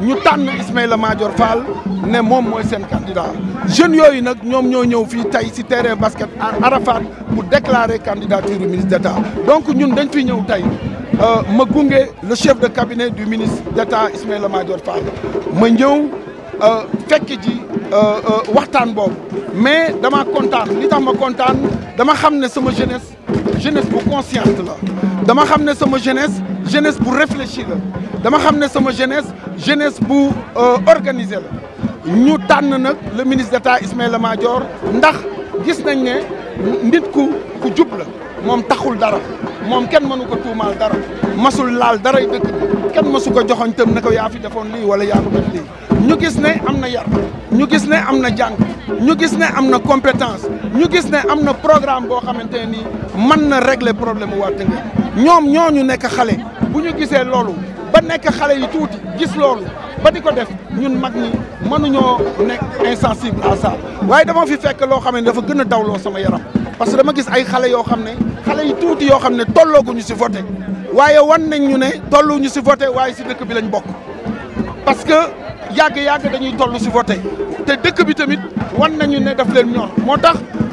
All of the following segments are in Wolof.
ñu tànn Ismaël Madior Fall ne moom mooy candidat jeunes yoy nak ñom ñoo ñëw fi tay ci terrain basket Arafat pour déclarer candidature du ministre d'État donc ñun dañ fi ñëw tey euh, ma le chef de cabinet du ministre d'État Ismaël Madior Fall ma ñëw euh, fekk ji euh, waxtan content. mais dama kontaan li tax ma kontaan dama xamné ne sama jeunesse jeunesse pour consciente la dama xam sama jeunesse jeunesse pour réfléchir. la dama xam sama jeunesse jeunesse pour euh, organiser, là. ñu tànn le ministre d'État Ismaël Madior ndax gis nañ ne nit ku ku jub la moom taxul dara moom kenn mënu ko dara masul laal daray dëkk bi kenn masu ko joxoñ tam ne ko yaa fi defon li wala ya ko def lii ñu gis ne am yar ñu gis ne am na ñu gis ne am compétence ñu gis ne am na programme boo xamante nii mën na régler problème waa Tëngéej ñoom ñu nekk xale bu ñu gisee loolu ba nekk xale yi tuuti gis loolu ba di ko def ñun mag ñi mënuñoo nekk insensible à waaye dama fi fekk loo xam ne dafa gën a dawloo sama yaram parce que dama gis ay xale yoo xam ne xale yi tuuti yoo xam ne tollooguñu si voté waaye wan nañ ñu ne tolluñu si voté waaye si dëkk bi lañu bokk parce que yàgg-yàgg dañuy toll si voté te dëkk bi tamit wan nañu ne daf leen ñor moo tax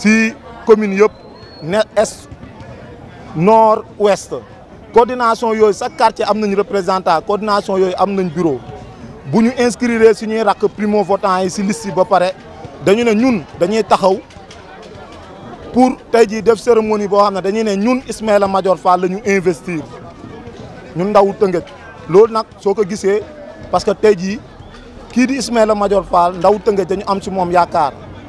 si commune yop ne est nord ouest coordination yoy chaque quartier am nañ représentant coordination yoy am nañ bureau bu ñu inscrire suñuy rakk primo votant ci liste ba paré dañu né ñun dañuy taxaw pour tey jii def cérémonie bo xam dañuy né ñun Ismaïla Madior Fall lañu investir ñun ndaw Tëngéej lool nak soko gissé parce que tey jii kii di Ismaïla Madior Fall ndaw Tëngéej dañu am ci mom yaakaar